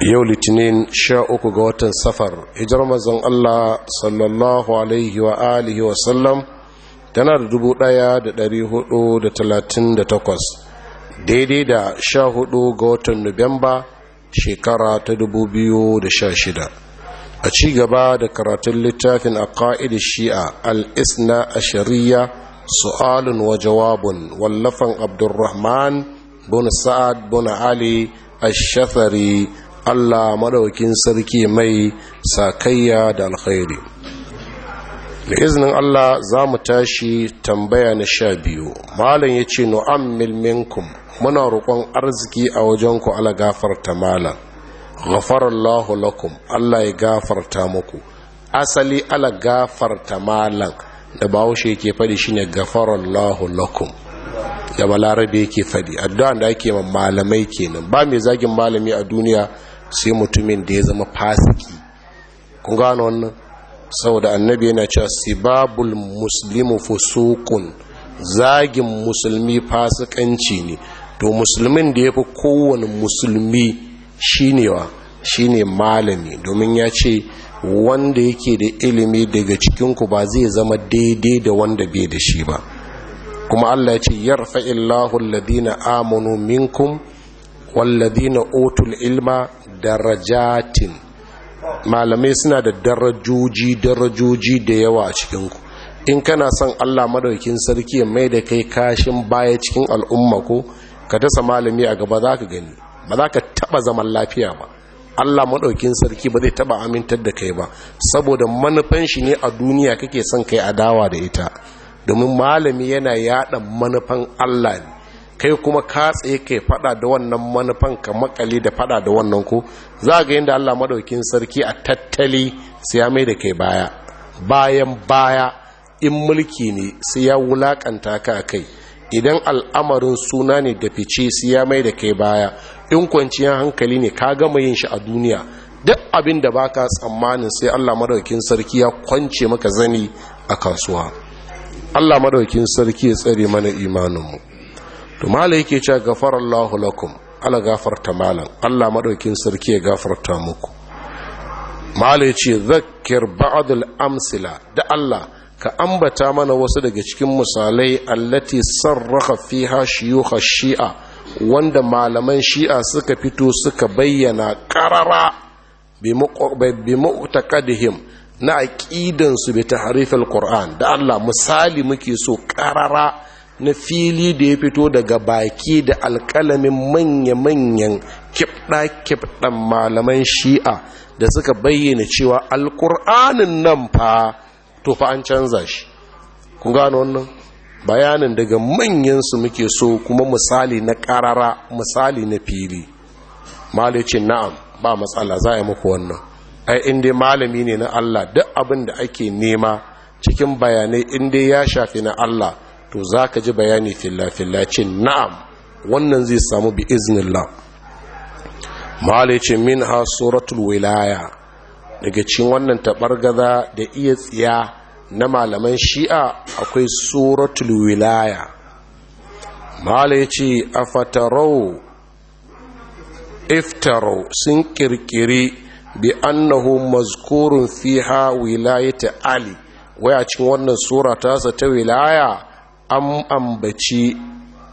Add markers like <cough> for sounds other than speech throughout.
yau litinin sha uku ga watan safar hijar mazan Allah sallallahu alaihi wa alihi wa sallam tana da dubu daya da dari hudu da talatin da takwas daidai da sha hudu ga watan nuwamba shekara ta dubu biyu da sha shida a ci gaba da karatun littafin a ka'idar shi'a al'isna a shari'a su'alun wa jawabun wallafan abdurrahman bin sa'ad bin ali الشثري Allah madaukin sarki mai sakayya da alkhairi da iznin Allah za mu tashi tambaya na sha biyu malam ya ce nu'ammil milminkum muna roƙon arziki a wajenku ala gafarta malam ghafarallahu lakum Allah ya gafarta muku asali ala gafarta malam da bahaushe yake faɗi shine ghafarallahu lakum da balarabe yake faɗi addu'a da ake ma malamai kenan ba mai zagin malami a duniya sai mutumin da ya zama fasiki kun gano wannan saboda annabi yana cewa sibabul muslimu fusuqun zagin musulmi fasikanci ne to musulmin da ya fi kowane musulmi shinewa shine malami domin ya ce wanda yake da ilimi daga cikinku ba zai zama daidai da wanda bai da shi ba kuma Allah ya ce yarfa illahu alladhina amanu minkum walladina otul ilma darajatin malamai suna da darajoji darajoji da yawa a cikinku in kana son allah madaukin sarki ya mai da kai kashin baya cikin al'umma ko ka dasa malami a gaba za ka gani ba za ka taba zaman lafiya ba allah madaukin sarki ba zai taba amintar da kai ba saboda manufan shi ne a duniya kake son kai adawa da ita domin malami yana yada manufan allah ne kai kuma ka tsaye kai fada da wannan manufan ka makale da fada da wannan ko za ga yadda Allah madaukin sarki a tattali sai ya mai da kai baya bayan baya in mulki ne sai ya wulakanta ka kai idan al'amarin suna ne da fice sai ya mai da kai baya in kwanciyar hankali ne ka gama yin shi a duniya duk abin da baka tsammanin sai Allah madaukin sarki ya kwance maka zani a kasuwa Allah madaukin sarki ya tsare mana imaninmu to mala yake cewa gafarallahu lakum ala gafarta malam Allah madaukin sarki ya gafarta muku mala yace zakkir ba'd amsila da Allah ka ambata mana wasu daga cikin misalai allati sarraha fiha shiyuha shi'a wanda malaman shi'a suka fito suka bayyana karara bi mu'taqadihim na aqidansu bi al qur'an da Allah misali muke so karara na fili da ya fito daga baki da alkalamin manya-manyan kibɗa-kibɗan malaman shi'a da suka bayyana cewa alkur'anin nan fa to an canza shi kun gano wannan bayanin daga manyansu muke so kuma misali na ƙarara misali na fili malicin na'am ba matsala za a muku wannan ai inda malami ne na allah duk abin da ake nema cikin bayanai inda ya shafi na allah to za ka ji bayani filla na'am wannan zai samu bi iznillah mahalicin min ha suratul wilaya daga cikin wannan taɓargaza da iya tsiya na malaman shi'a akwai suratul wilaya mahalici a fatarau iftarau sun kirkiri bi annahu mazkurun fiha wilayata ali waya cin cikin wannan sura ta wilaya an ambaci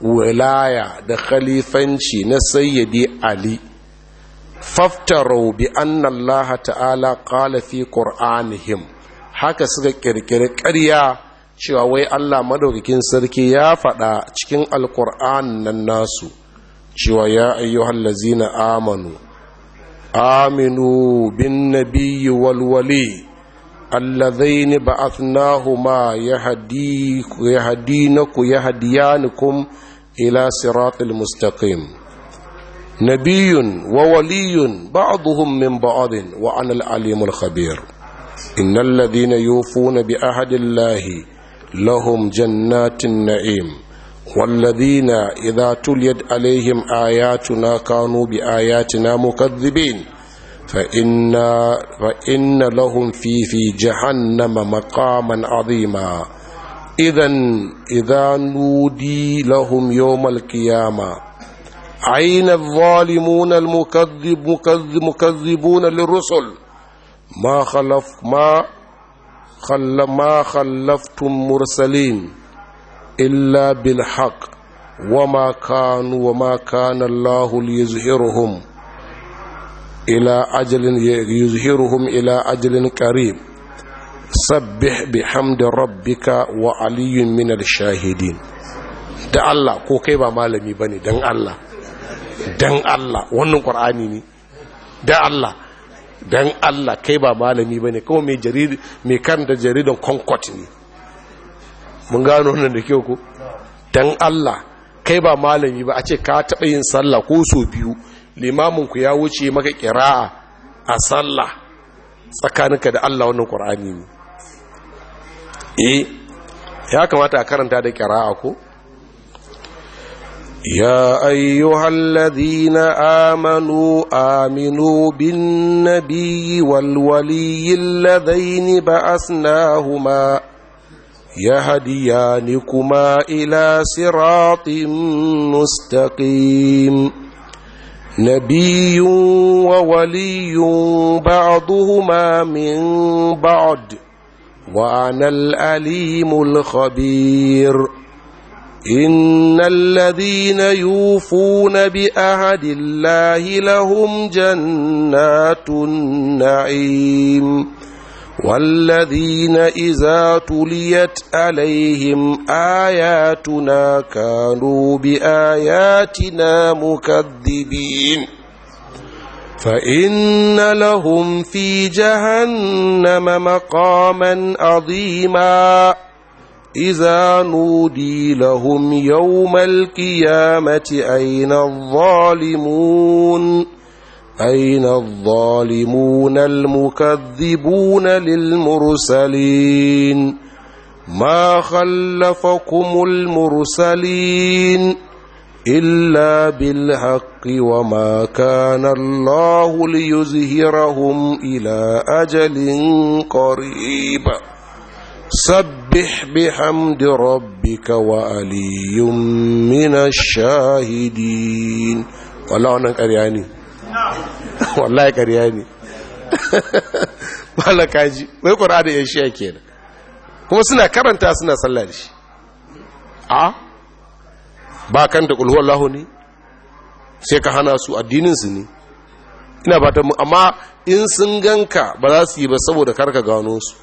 wilaya da khalifanci na sayyidi ali faftaro bi annallaha ta'ala qala fi qur'anihim haka suka kirkiri ƙarya cewa wai Allah madaukakin sarki ya faɗa cikin alqur'an nan nasu cewa ya ayyuhallazina amanu aminu bin nabiyyi wal wali allazaini ba'athnahuma yahdiku yahdinaku yahdiyanukum ila siratil mustaqim nabiyyun wa waliyun ba'dhum min ba'd wa ana al-alimul khabir innal ladhina yufuna bi ahadillahi lahum jannatin na'im والذين إذا تليت عليهم آياتنا كانوا بآياتنا مكذبين فإن, فإن لهم في في جهنم مقاما عظيما إذا إذا نودي لهم يوم القيامة عين الظالمون المكذب مكذب مكذبون للرسل ما خلف ما خل ما خلفتم مرسلين إلا بالحق وما كانوا وما كان الله ليزهرهم ila ajalin yuzhiruhum ila ajalin qarib sabbih bihamdi rabbika wa aliyyun minal shahidin da Allah ko kai ba malami bane dan Allah dan Allah wannan qur'ani ne da Allah dan Allah kai ba malami bane kawai mai jarid mai karanta jaridan concord ne mun gano wannan da kyau ko dan Allah kai ba malami ba a ce ka taɓa yin sallah ko so biyu ku ya wuce maka ƙira'a a tsalla tsakaninka da Allah wannan ƙura'ani ne eh, ya kamata a karanta da ƙira'a ko ya ayyuhal ladhina amanu aminu bin nabiyyi wal waliyyi alladhaini ni kuma ila siratin mustaqim نبي وولي بعضهما من بعد وأنا الأليم الخبير إن الذين يوفون بأهد الله لهم جنات النعيم والذين إذا تليت عليهم آياتنا كانوا بآياتنا مكذبين فإن لهم في جهنم مقاما عظيما إذا نودي لهم يوم القيامة أين الظالمون أين الظالمون المكذبون للمرسلين ما خلفكم المرسلين إلا بالحق وما كان الله ليزهرهم إلى أجل قريب سبح بحمد ربك وألي من الشاهدين والله أنك أرياني نعم <laughs> wallahi ƙarya ne wala <laughs> kaji wai ƙura da yan ke da kuma suna karanta suna sallah da shi a ba kan da ƙulhuwar lahu ne sai ka hana su addininsu ne ina ba ta amma in sun ganka ba za su yi ba saboda karka gano su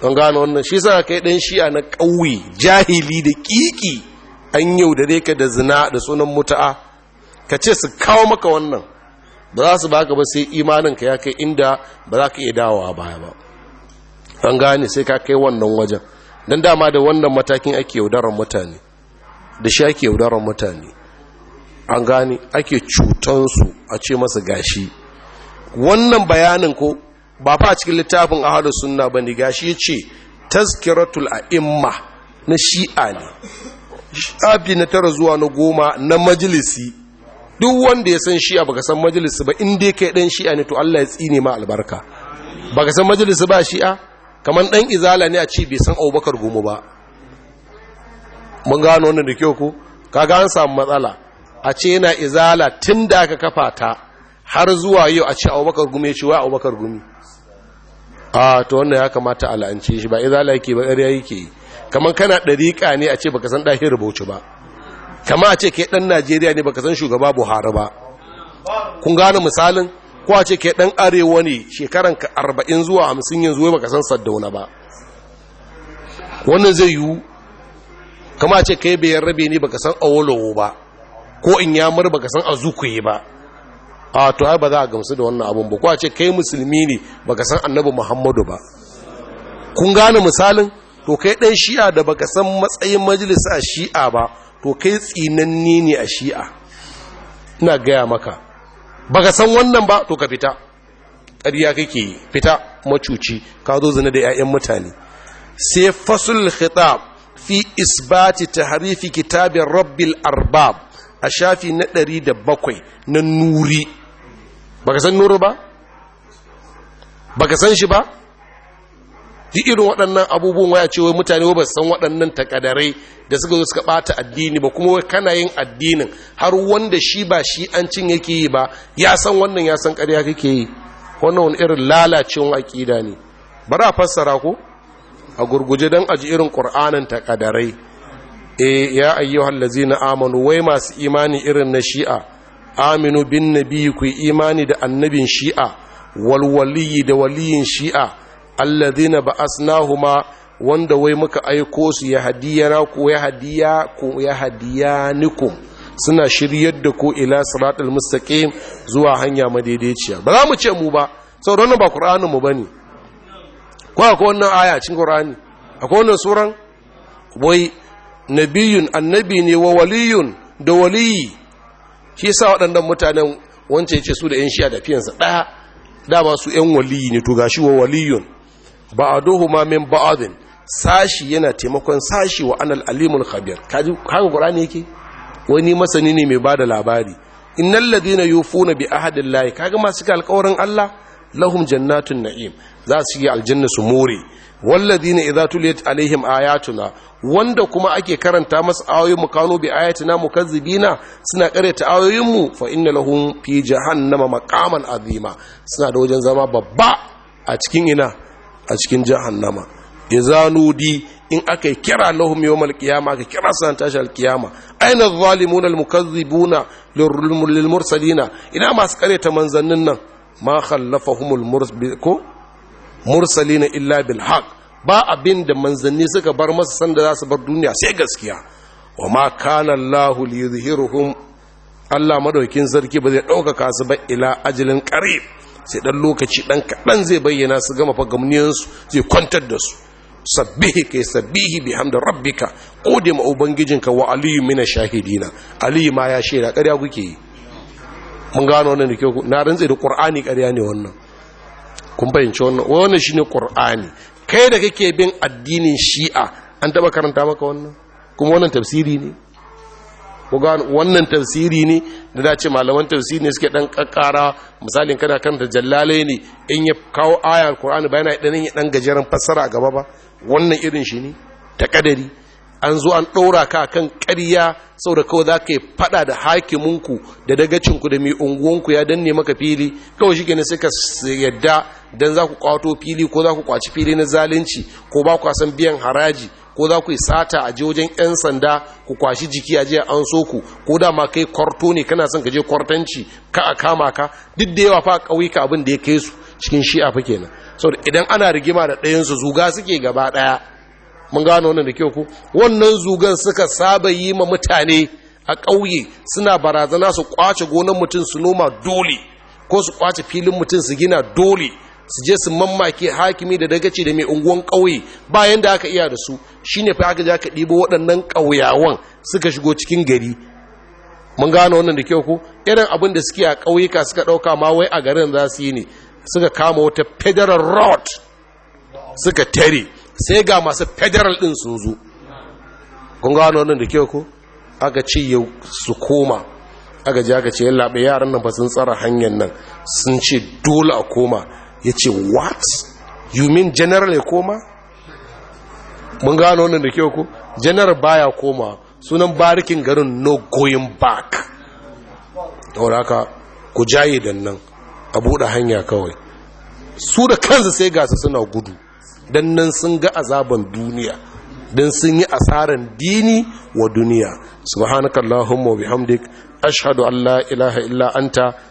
don gano wannan shi sa kai ɗan shiya na ƙauye jahili da ƙiƙi an yau da ka da zina da sunan mutu'a ka ce su kawo maka wannan ba za su baka ba sai imanin ka ya kai inda ba za ka iya dawowa baya ba an gane sai ka kai wannan wajen don dama da wannan matakin ake yaudarar mutane da shi ake yaudarar mutane an gane ake cutansu a ce masa gashi wannan bayanin ko ba fa cikin littafin ahadu sunna ba ne gashi ya ce tazkiratul a'imma na shi'a ne shafi na tara zuwa na goma na majalisi duk wanda ya san shi'a baka san majalis ba in dai kai dan shi'a ne to Allah ya tsine ma albarka baka san majalis ba shi'a kaman dan izala ne a ce bai san Abubakar Gumu ba mun gano wannan da kyau ko kaga an samu matsala a ce yana izala tunda aka kafa ta har zuwa yau a ce Abubakar Gumu ya ci, wa Abubakar Gumi? a to wannan ya kamata a la'ance shi ba izala yake ba ƙarya yake kaman kana dariƙa ne a ce baka san ɗahin rubuce ba kama ce ke ɗan najeriya ne baka san shugaba buhari ba kun gane misalin ko ce ke ɗan arewa ne shekaran ka arba'in zuwa hamsin yanzu baka san saddauna ba wannan zai yiwu kama a ce kai bayan rabe ne baka san awolowo ba ko in yamur baka san azukuye ba a to har ba za a gamsu da wannan abun ba ko a ce kai musulmi ne baka san annabi muhammadu ba kun gane misalin to kai dan shi'a da baka san matsayin majalisa shi'a ba to kai tsinanni ne a shi'a ina gaya maka Ba ka san wannan ba to ka fita ƙarya kake fita macuci ka zo zina da 'ya'yan mutane sai fasul khitab fi isbati taharifi kitabin rabbil arbab a shafi na ɗari da bakwai na nuri Ba ka san nuri ba Ba baka san shi ba duk irin waɗannan abubuwan waya ce wai mutane ba san waɗannan takadarai da suka zo suka ɓata addini ba kuma wai kana yin addinin har wanda shi ba shi an cin yake yi ba ya san wannan ya san ƙarya kake yi wannan wani irin lalacewa aƙida ne bari a fassara ko a gurguje don aji irin ƙur'anin takadarai e ya hallazi na amanu wai masu imani irin na shi'a aminu bin nabi ku imani da annabin shi'a walwaliyi da waliyin shi'a alladhina ba'asnahuma wanda wai muka aiko su ya hadiyana ko ya hadiya ko ya hadiyanikum suna shiryar da ku ila siratal mustaqim zuwa hanya madaidaiciya ba za mu ce mu ba sauran ba qur'anin mu bane ko akwai wannan aya cikin qur'ani akwai wannan suran wai nabiyun annabi ne wa waliyun da waliyi shi yasa waɗannan mutanen wancan ce su da yan shiya da fiyansa ɗaya ba su yan waliyi ne to gashi wa waliyun ba'aduhuma min ba'adin sashi yana taimakon sashi wa anal alimul khabir kaji kan qur'ani yake wani masani ne mai bada labari innal ladina yufuna bi lahi kaga masu suka alƙawarin Allah lahum jannatun na'im za su yi aljanna su more ladina idza tuliyat alaihim ayatuna wanda kuma ake karanta masa ayoyin mu kanu bi ayatina mukazzibina suna karyata ayoyin mu fa inna lahum fi jahannama maqaman azima suna da wajen zama babba a cikin ina a cikin jahannama idza nudi in aka yi kira lahum yawmal qiyama aka kira san tashi al qiyama aina adh-dhalimuna al lil mursalina ina masu kare ta manzannin nan ma khallafahumul mursalina mursalina illa bil haqq ba abin da manzanni suka bar masa sanda za su bar duniya sai gaskiya wa ma kana Allah li Allah madaukin sarki ba zai ɗaukaka su ba ila ajalin qarib sai dan lokaci dan kaɗan zai bayyana su gama fagamniyansu zai kwantar da su sabbihi kai sabbihi bi hamda rabbika gode ma ubangijinka wa aliyu mina shahidina aliyu ma ya shaida ƙarya kuke yi mun gano wannan da kyau na rantse da qur'ani ƙarya ne wannan kun fahimci wannan wannan shine qur'ani kai da kake bin addinin shi'a an taba karanta maka wannan kuma wannan tafsiri ne ku wannan tafsiri ne da dace malaman tafsiri ne suke dan kakkara misalin kana da jallale ne in ya kawo ayar alqur'ani bayan ya dan dan gajeren fassara gaba ba wannan irin shi ne ta kadari an zo an ɗaura ka kan ƙarya saboda kawai za ka yi faɗa da hakiminku da dagacinku da mai unguwanku ya danne maka fili kawai shi kenan suka yadda don za ku kwato fili ko za ku kwaci fili na zalunci ko ba ku san biyan haraji ko za ku yi sata a je wajen 'yan sanda ku kwashi jiki a jiya an so ku ko da ma kai kwarto ne kana son ka je kwartanci ka a kama ka duk da yawa fa ƙauyuka abin da ya kai su cikin shi'a fa kenan saboda idan ana rigima da ɗayansu zuga suke gaba ɗaya mun gano wannan da kyau ku wannan zugan suka saba yi ma mutane a ƙauye suna barazana su kwace gonan mutum su noma dole ko su kwace filin mutum su gina dole su je su mammaki hakimi da dagaci da mai unguwan ƙauye bayan da aka iya da su shine fa aka je aka ɗibo waɗannan ƙauyawan suka shigo cikin gari mun gano wannan da kyau ko irin abin da suke a ƙauyuka suka ɗauka ma wai a garin za su yi ne suka kama wata federal road suka tare sai ga masu federal ɗin sun zo kun gano wannan da kyau ko aka ce yau su koma aka ji aka ce yalla yaran nan ba sun tsara hanyar nan sun ce dole a koma ya ce what you mean general ya koma mun gano wannan da kyau ku general baya koma sunan barikin garin no going back daura wadaka ku jaye dan nan a buɗe hanya kawai su da kansu sai gasa suna gudu dan nan sun ga azaban duniya dan sun yi asaran dini wa duniya subhanakallahumma wa bihamdik ashhadu an ilaha illa anta